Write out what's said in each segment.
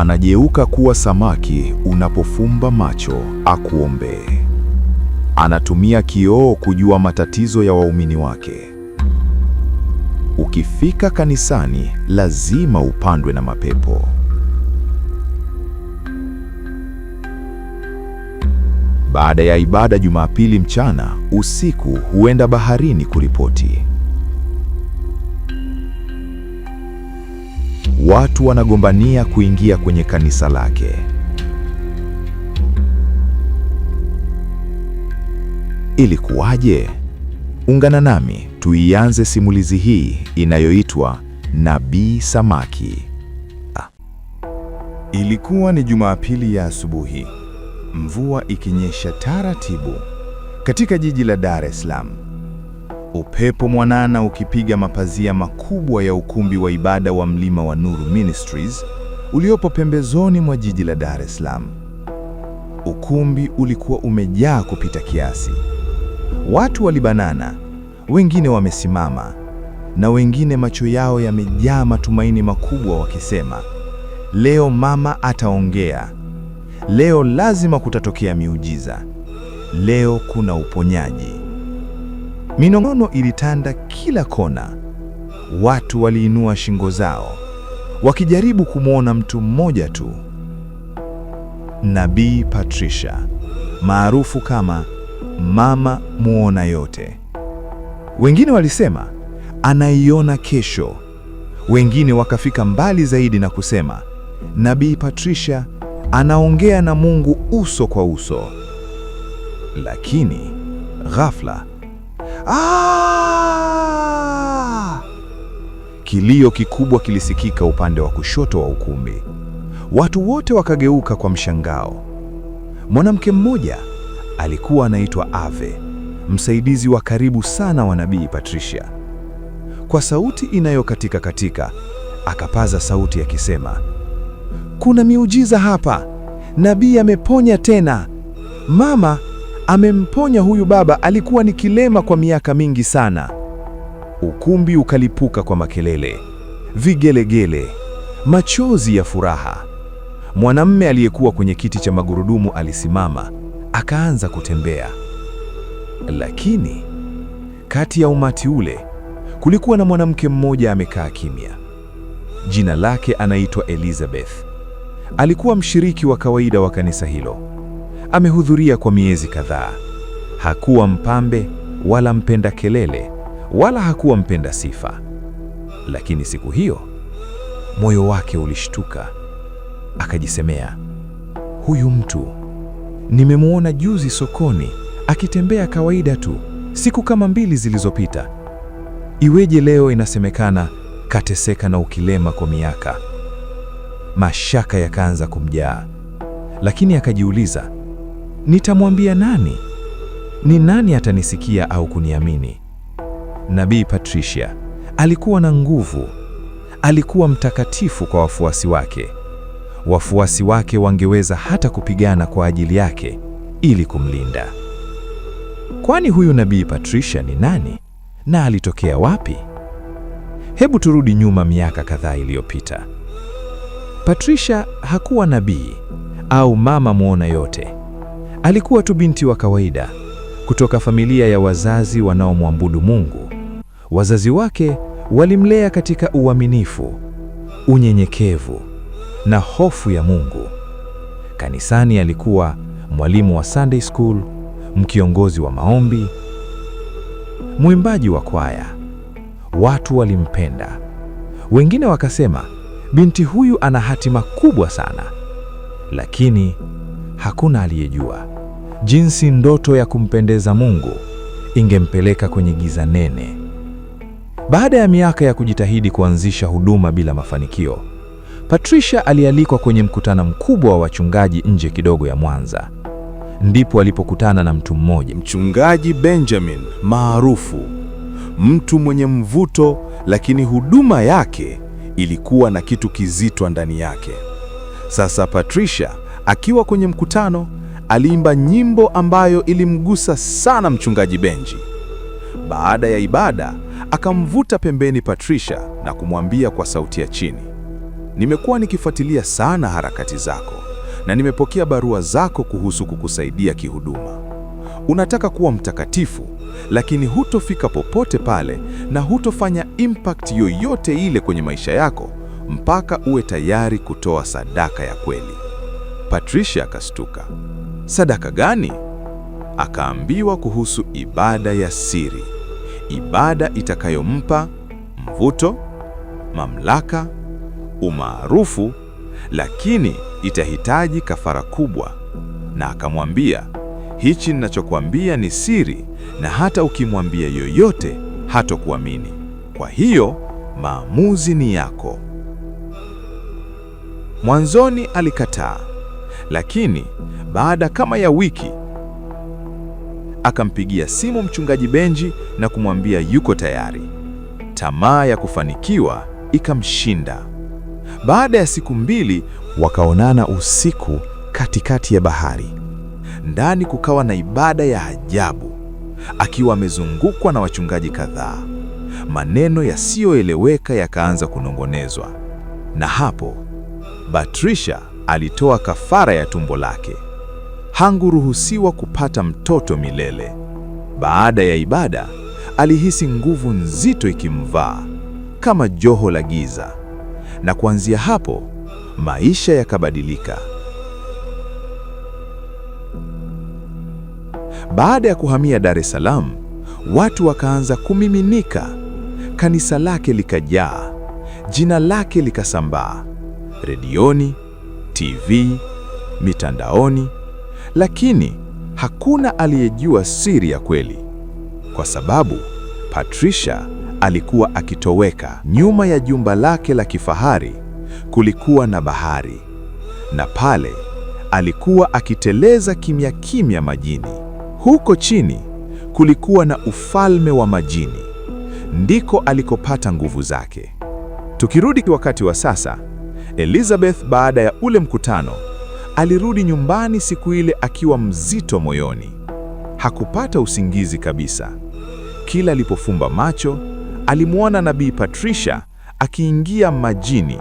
anajeuka kuwa samaki unapofumba macho akuombee. Anatumia kioo kujua matatizo ya waumini wake. Ukifika kanisani lazima upandwe na mapepo. Baada ya ibada Jumapili mchana, usiku huenda baharini kuripoti. watu wanagombania kuingia kwenye kanisa lake. Ilikuwaje? Ungana nami tuianze simulizi hii inayoitwa Nabii Samaki. Ilikuwa ni Jumapili ya asubuhi, mvua ikinyesha taratibu katika jiji la Dar es Salaam upepo mwanana ukipiga mapazia makubwa ya ukumbi wa ibada wa Mlima wa Nuru Ministries uliopo pembezoni mwa jiji la Dar es Salaam. Ukumbi ulikuwa umejaa kupita kiasi. Watu walibanana, wengine wamesimama na wengine macho yao yamejaa matumaini makubwa, wakisema leo mama ataongea, leo lazima kutatokea miujiza, leo kuna uponyaji. Minong'ono ilitanda kila kona. Watu waliinua shingo zao wakijaribu kumwona mtu mmoja tu, Nabii Patricia, maarufu kama Mama Muona Yote. Wengine walisema anaiona kesho, wengine wakafika mbali zaidi na kusema Nabii Patricia anaongea na Mungu uso kwa uso. Lakini ghafla Aa! Ah! Kilio kikubwa kilisikika upande wa kushoto wa ukumbi. Watu wote wakageuka kwa mshangao. Mwanamke mmoja alikuwa anaitwa Ave, msaidizi wa karibu sana wa Nabii Patricia. Kwa sauti inayokatika katika, akapaza sauti akisema, kuna miujiza hapa, nabii ameponya tena mama amemponya huyu baba, alikuwa ni kilema kwa miaka mingi sana. Ukumbi ukalipuka kwa makelele, vigelegele, machozi ya furaha. Mwanamme aliyekuwa kwenye kiti cha magurudumu alisimama, akaanza kutembea. Lakini kati ya umati ule kulikuwa na mwanamke mmoja amekaa kimya. Jina lake anaitwa Elizabeth. Alikuwa mshiriki wa kawaida wa kanisa hilo amehudhuria kwa miezi kadhaa. Hakuwa mpambe wala mpenda kelele wala hakuwa mpenda sifa, lakini siku hiyo moyo wake ulishtuka, akajisemea, huyu mtu nimemwona juzi sokoni akitembea kawaida tu, siku kama mbili zilizopita. Iweje leo inasemekana kateseka na ukilema kwa miaka? Mashaka yakaanza kumjaa, lakini akajiuliza nitamwambia nani? Ni nani atanisikia au kuniamini? Nabii Patricia alikuwa na nguvu, alikuwa mtakatifu kwa wafuasi wake. Wafuasi wake wangeweza hata kupigana kwa ajili yake ili kumlinda. Kwani huyu nabii Patricia ni nani na alitokea wapi? Hebu turudi nyuma miaka kadhaa iliyopita. Patricia hakuwa nabii au mama muona yote. Alikuwa tu binti wa kawaida kutoka familia ya wazazi wanaomwabudu Mungu. Wazazi wake walimlea katika uaminifu, unyenyekevu na hofu ya Mungu. Kanisani alikuwa mwalimu wa Sunday school, mkiongozi wa maombi, mwimbaji wa kwaya. Watu walimpenda. Wengine wakasema, binti huyu ana hatima kubwa sana. Lakini hakuna aliyejua jinsi ndoto ya kumpendeza Mungu ingempeleka kwenye giza nene. Baada ya miaka ya kujitahidi kuanzisha huduma bila mafanikio, Patricia alialikwa kwenye mkutano mkubwa wa wachungaji nje kidogo ya Mwanza. Ndipo alipokutana na mtu mmoja, Mchungaji Benjamin maarufu, mtu mwenye mvuto, lakini huduma yake ilikuwa na kitu kizito ndani yake. Sasa Patricia akiwa kwenye mkutano aliimba nyimbo ambayo ilimgusa sana mchungaji Benji. Baada ya ibada, akamvuta pembeni Patricia na kumwambia kwa sauti ya chini, nimekuwa nikifuatilia sana harakati zako na nimepokea barua zako kuhusu kukusaidia kihuduma. Unataka kuwa mtakatifu, lakini hutofika popote pale na hutofanya impact yoyote ile kwenye maisha yako mpaka uwe tayari kutoa sadaka ya kweli. Patricia akastuka sadaka gani? Akaambiwa kuhusu ibada ya siri, ibada itakayompa mvuto, mamlaka, umaarufu, lakini itahitaji kafara kubwa. Na akamwambia, hichi ninachokuambia ni siri, na hata ukimwambia yoyote hatokuamini. Kwa hiyo maamuzi ni yako. Mwanzoni alikataa. Lakini baada kama ya wiki akampigia simu mchungaji Benji na kumwambia yuko tayari. Tamaa ya kufanikiwa ikamshinda. Baada ya siku mbili wakaonana usiku katikati ya bahari. Ndani kukawa na ibada ya ajabu, akiwa amezungukwa na wachungaji kadhaa. Maneno yasiyoeleweka yakaanza kunongonezwa, na hapo Batrisha alitoa kafara ya tumbo lake. Hanguruhusiwa kupata mtoto milele. Baada ya ibada, alihisi nguvu nzito ikimvaa kama joho la giza, na kuanzia hapo maisha yakabadilika. Baada ya kuhamia Dar es Salaam, watu wakaanza kumiminika. Kanisa lake likajaa, jina lake likasambaa redioni, TV, mitandaoni, lakini hakuna aliyejua siri ya kweli, kwa sababu Patricia alikuwa akitoweka. Nyuma ya jumba lake la kifahari kulikuwa na bahari, na pale alikuwa akiteleza kimya kimya majini. Huko chini kulikuwa na ufalme wa majini, ndiko alikopata nguvu zake. Tukirudi wakati wa sasa Elizabeth baada ya ule mkutano alirudi nyumbani siku ile akiwa mzito moyoni. Hakupata usingizi kabisa. Kila alipofumba macho, alimwona Nabii Patricia akiingia majini,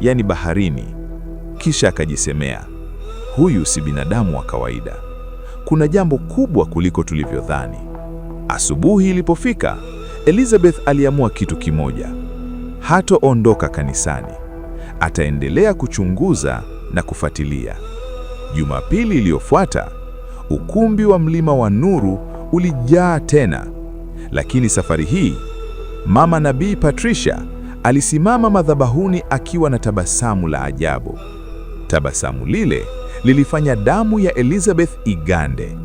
yani baharini. Kisha akajisemea, huyu si binadamu wa kawaida. Kuna jambo kubwa kuliko tulivyodhani. Asubuhi ilipofika, Elizabeth aliamua kitu kimoja: hatoondoka kanisani ataendelea kuchunguza na kufuatilia. Jumapili iliyofuata, ukumbi wa Mlima wa Nuru ulijaa tena, lakini safari hii Mama Nabii Patricia alisimama madhabahuni akiwa na tabasamu la ajabu. Tabasamu lile lilifanya damu ya Elizabeth igande.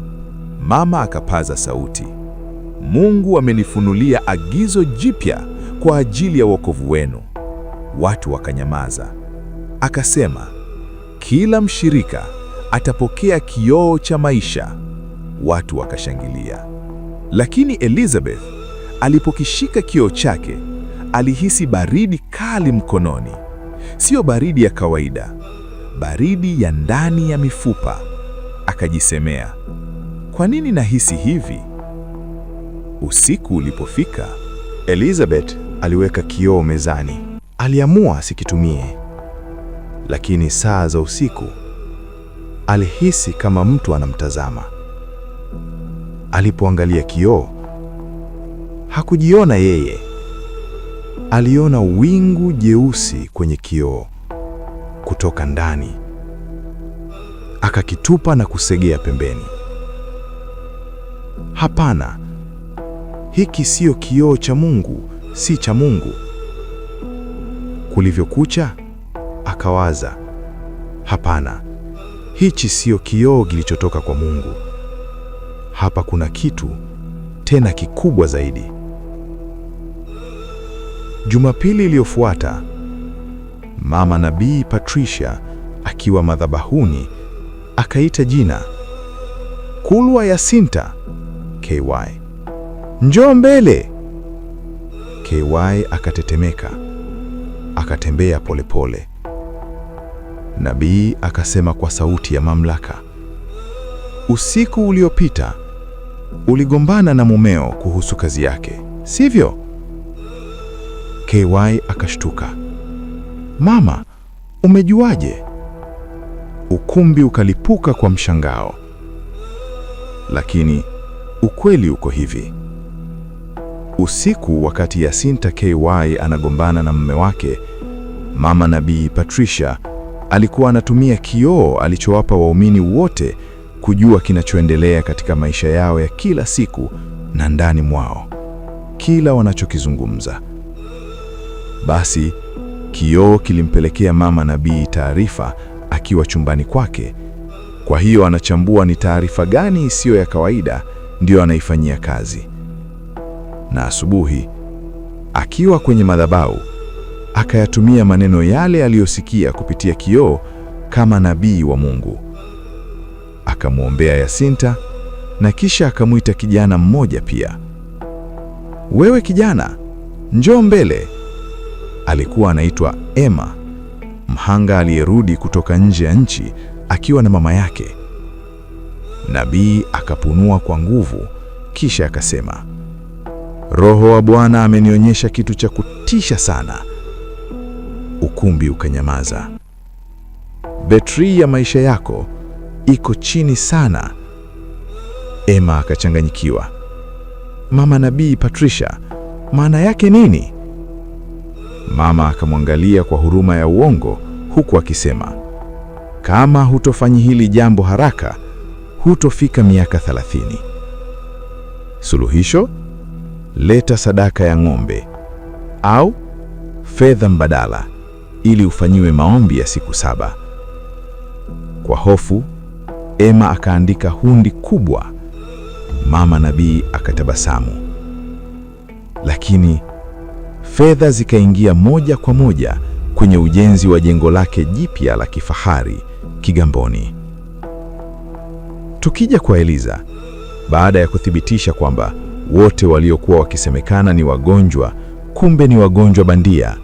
Mama akapaza sauti, Mungu amenifunulia agizo jipya kwa ajili ya wokovu wenu watu wakanyamaza. Akasema kila mshirika atapokea kioo cha maisha. Watu wakashangilia, lakini Elizabeth alipokishika kioo chake alihisi baridi kali mkononi, sio baridi ya kawaida, baridi ya ndani ya mifupa. Akajisemea, kwa nini nahisi hivi? Usiku ulipofika, Elizabeth aliweka kioo mezani aliamua asikitumie. Lakini saa za usiku alihisi kama mtu anamtazama. Alipoangalia kioo, hakujiona yeye, aliona wingu jeusi kwenye kioo kutoka ndani. Akakitupa na kusegea pembeni. Hapana, hiki siyo kioo cha Mungu, si cha Mungu. Kulivyokucha akawaza, hapana, hichi siyo kioo kilichotoka kwa Mungu. Hapa kuna kitu tena kikubwa zaidi. Jumapili iliyofuata mama nabii Patricia akiwa madhabahuni akaita jina Kulwa Yasinta. KY, njoo mbele. KY akatetemeka akatembea polepole. Nabii akasema kwa sauti ya mamlaka, usiku uliopita uligombana na mumeo kuhusu kazi yake, sivyo? KY akashtuka. Mama, umejuaje? Ukumbi ukalipuka kwa mshangao. Lakini ukweli uko hivi. Usiku wakati Yasinta KY anagombana na mume wake, Mama Nabii Patricia alikuwa anatumia kioo alichowapa waumini wote kujua kinachoendelea katika maisha yao ya kila siku na ndani mwao, kila wanachokizungumza. Basi kioo kilimpelekea Mama Nabii taarifa akiwa chumbani kwake. Kwa hiyo anachambua ni taarifa gani isiyo ya kawaida ndiyo anaifanyia kazi na asubuhi, akiwa kwenye madhabahu, akayatumia maneno yale aliyosikia kupitia kioo kama nabii wa Mungu. Akamwombea Yasinta na kisha akamwita kijana mmoja pia. Wewe kijana, njoo mbele. Alikuwa anaitwa Emma, mhanga aliyerudi kutoka nje ya nchi akiwa na mama yake. Nabii akapunua kwa nguvu kisha akasema Roho wa Bwana amenionyesha kitu cha kutisha sana. Ukumbi ukanyamaza. Betri ya maisha yako iko chini sana. Emma akachanganyikiwa. Mama Nabii Patricia, maana yake nini? Mama akamwangalia kwa huruma ya uongo huku akisema, kama hutofanyi hili jambo haraka, hutofika miaka thelathini. Suluhisho? leta sadaka ya ng'ombe au fedha mbadala ili ufanyiwe maombi ya siku saba. Kwa hofu, Emma akaandika hundi kubwa. Mama Nabii akatabasamu, lakini fedha zikaingia moja kwa moja kwenye ujenzi wa jengo lake jipya la kifahari Kigamboni. Tukija kwa Eliza, baada ya kuthibitisha kwamba wote waliokuwa wakisemekana ni wagonjwa, kumbe ni wagonjwa bandia,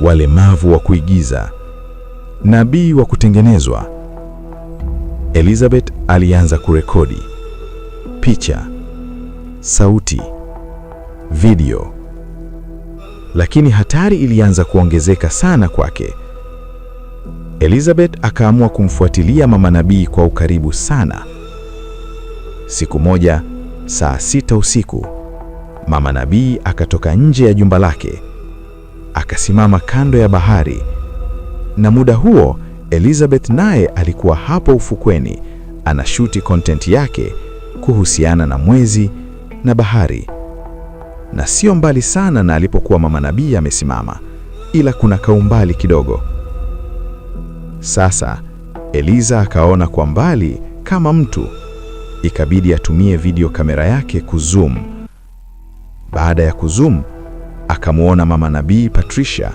walemavu wa kuigiza, nabii wa kutengenezwa. Elizabeth alianza kurekodi picha, sauti, video, lakini hatari ilianza kuongezeka sana kwake. Elizabeth akaamua kumfuatilia mama nabii kwa ukaribu sana. Siku moja saa sita usiku, Mama Nabii akatoka nje ya jumba lake akasimama kando ya bahari, na muda huo Elizabeth naye alikuwa hapo ufukweni anashuti content yake kuhusiana na mwezi na bahari, na sio mbali sana na alipokuwa Mama Nabii amesimama, ila kuna kaumbali kidogo. Sasa Eliza akaona kwa mbali kama mtu ikabidi atumie video kamera yake kuzoom. Baada ya kuzoom, akamwona mama nabii Patricia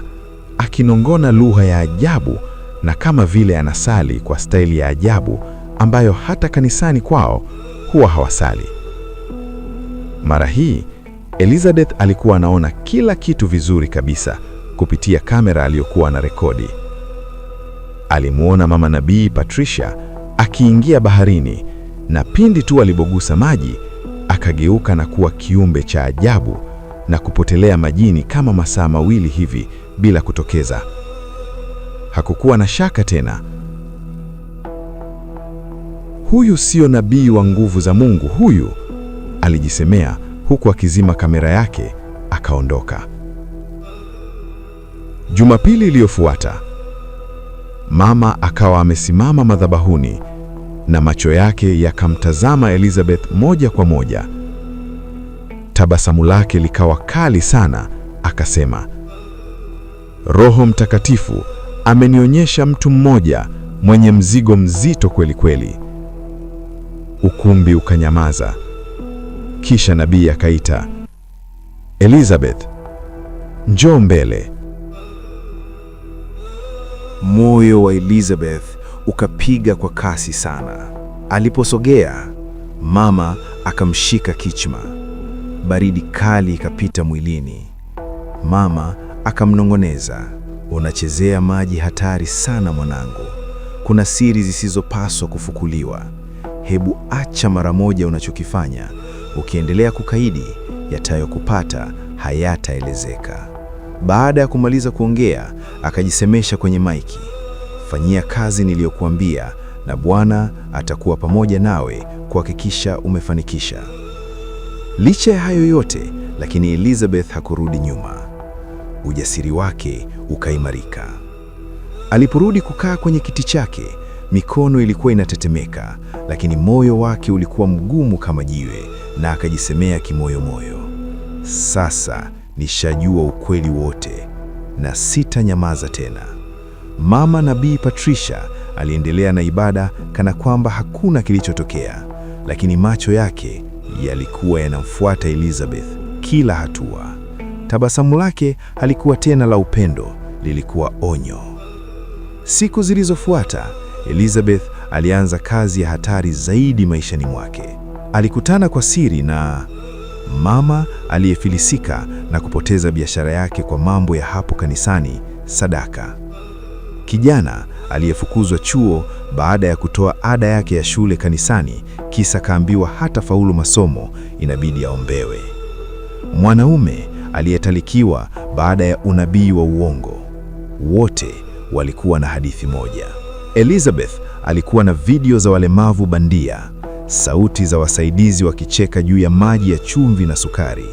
akinongona lugha ya ajabu na kama vile anasali kwa staili ya ajabu ambayo hata kanisani kwao huwa hawasali. Mara hii Elizabeth alikuwa anaona kila kitu vizuri kabisa kupitia kamera aliyokuwa na rekodi. Alimuona mama nabii Patricia akiingia baharini na pindi tu alipogusa maji akageuka na kuwa kiumbe cha ajabu na kupotelea majini kama masaa mawili hivi bila kutokeza. Hakukuwa na shaka tena. Huyu sio nabii wa nguvu za Mungu huyu, alijisemea huku akizima kamera yake akaondoka. Jumapili iliyofuata, mama akawa amesimama madhabahuni na macho yake yakamtazama Elizabeth moja kwa moja. Tabasamu lake likawa kali sana, akasema, Roho Mtakatifu amenionyesha mtu mmoja mwenye mzigo mzito kweli kweli. Ukumbi ukanyamaza. Kisha nabii akaita, Elizabeth, njoo mbele. Moyo wa Elizabeth ukapiga kwa kasi sana. Aliposogea, mama akamshika kichma Baridi kali ikapita mwilini. Mama akamnong'oneza, unachezea maji hatari sana mwanangu, kuna siri zisizopaswa kufukuliwa. Hebu acha mara moja unachokifanya. Ukiendelea kukaidi, yatayokupata hayataelezeka. Baada ya kumaliza kuongea, akajisemesha kwenye maiki. Fanyia kazi niliyokuambia, na Bwana atakuwa pamoja nawe kuhakikisha umefanikisha. Licha ya hayo yote lakini Elizabeth hakurudi nyuma. Ujasiri wake ukaimarika. Aliporudi kukaa kwenye kiti chake, mikono ilikuwa inatetemeka, lakini moyo wake ulikuwa mgumu kama jiwe, na akajisemea kimoyomoyo, sasa nishajua ukweli wote na sitanyamaza tena. Mama nabii Patricia aliendelea na ibada kana kwamba hakuna kilichotokea, lakini macho yake yalikuwa yanamfuata Elizabeth kila hatua. Tabasamu lake halikuwa tena la upendo, lilikuwa onyo. Siku zilizofuata, Elizabeth alianza kazi ya hatari zaidi maishani mwake. Alikutana kwa siri na mama aliyefilisika na kupoteza biashara yake kwa mambo ya hapo kanisani, sadaka kijana aliyefukuzwa chuo baada ya kutoa ada yake ya shule kanisani, kisa kaambiwa hata faulu masomo inabidi aombewe. Mwanaume aliyetalikiwa baada ya unabii wa uongo. Wote walikuwa na hadithi moja. Elizabeth alikuwa na video za walemavu bandia, sauti za wasaidizi wakicheka juu ya maji ya chumvi na sukari,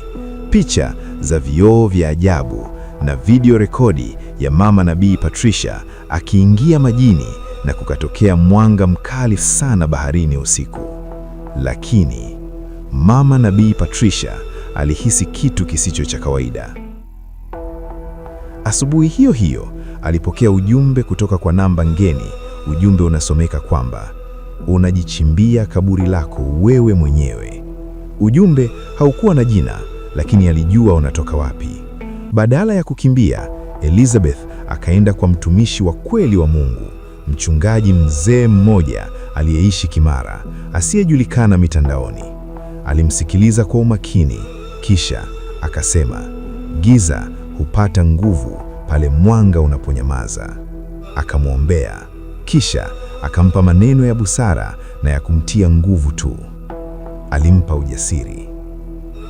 picha za vioo vya ajabu na video rekodi ya mama nabii Patricia akiingia majini na kukatokea mwanga mkali sana baharini usiku. Lakini mama nabii Patricia alihisi kitu kisicho cha kawaida. Asubuhi hiyo hiyo alipokea ujumbe kutoka kwa namba ngeni. Ujumbe unasomeka kwamba unajichimbia kaburi lako wewe mwenyewe. Ujumbe haukuwa na jina, lakini alijua unatoka wapi. Badala ya kukimbia, Elizabeth akaenda kwa mtumishi wa kweli wa Mungu, mchungaji mzee mmoja aliyeishi Kimara, asiyejulikana mitandaoni. Alimsikiliza kwa umakini, kisha akasema, giza hupata nguvu pale mwanga unaponyamaza. Akamwombea, kisha akampa maneno ya busara na ya kumtia nguvu tu. Alimpa ujasiri.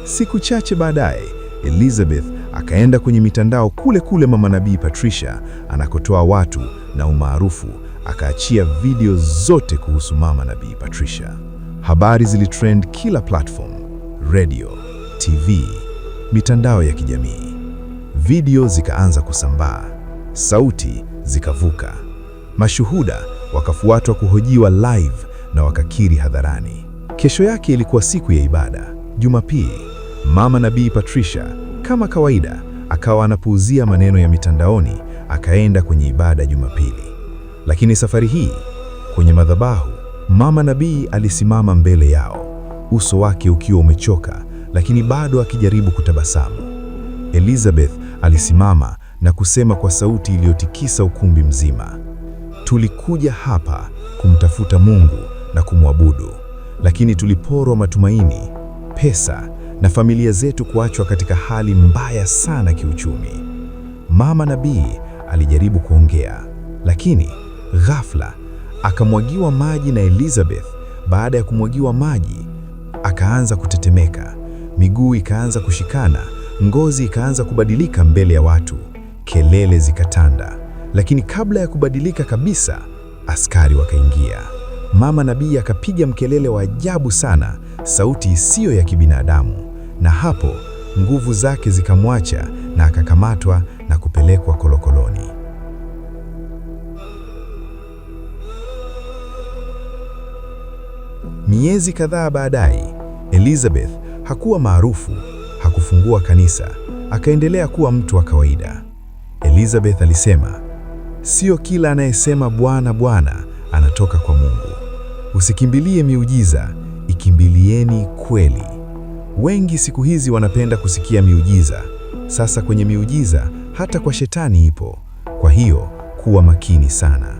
Siku chache baadaye Elizabeth akaenda kwenye mitandao kule kule Mama Nabii Patricia anakotoa watu na umaarufu, akaachia video zote kuhusu Mama Nabii Patricia. Habari zilitrend kila platform, radio, TV, mitandao ya kijamii. Video zikaanza kusambaa, sauti zikavuka, mashuhuda wakafuatwa kuhojiwa live na wakakiri hadharani. Kesho yake ilikuwa siku ya ibada, Jumapili. Mama Nabii Patricia kama kawaida, akawa anapuuzia maneno ya mitandaoni, akaenda kwenye ibada Jumapili. Lakini safari hii kwenye madhabahu, Mama Nabii alisimama mbele yao, uso wake ukiwa umechoka, lakini bado akijaribu kutabasamu. Elizabeth alisimama na kusema kwa sauti iliyotikisa ukumbi mzima, tulikuja hapa kumtafuta Mungu na kumwabudu, lakini tuliporwa matumaini, pesa na familia zetu kuachwa katika hali mbaya sana kiuchumi. Mama Nabii alijaribu kuongea, lakini ghafla akamwagiwa maji na Elizabeth. Baada ya kumwagiwa maji, akaanza kutetemeka, miguu ikaanza kushikana, ngozi ikaanza kubadilika mbele ya watu, kelele zikatanda. Lakini kabla ya kubadilika kabisa, askari wakaingia. Mama Nabii akapiga mkelele wa ajabu sana, sauti isiyo ya kibinadamu na hapo nguvu zake zikamwacha na akakamatwa na kupelekwa kolokoloni. Miezi kadhaa baadaye, Elizabeth hakuwa maarufu, hakufungua kanisa, akaendelea kuwa mtu wa kawaida. Elizabeth alisema, sio kila anayesema Bwana Bwana anatoka kwa Mungu. Usikimbilie miujiza, ikimbilieni kweli. Wengi siku hizi wanapenda kusikia miujiza. Sasa kwenye miujiza hata kwa shetani ipo. Kwa hiyo kuwa makini sana.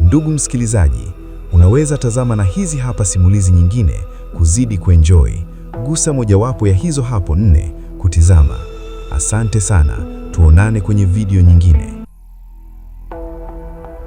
Ndugu msikilizaji, unaweza tazama na hizi hapa simulizi nyingine kuzidi kuenjoy. Gusa mojawapo ya hizo hapo nne kutizama. Asante sana. Tuonane kwenye video nyingine.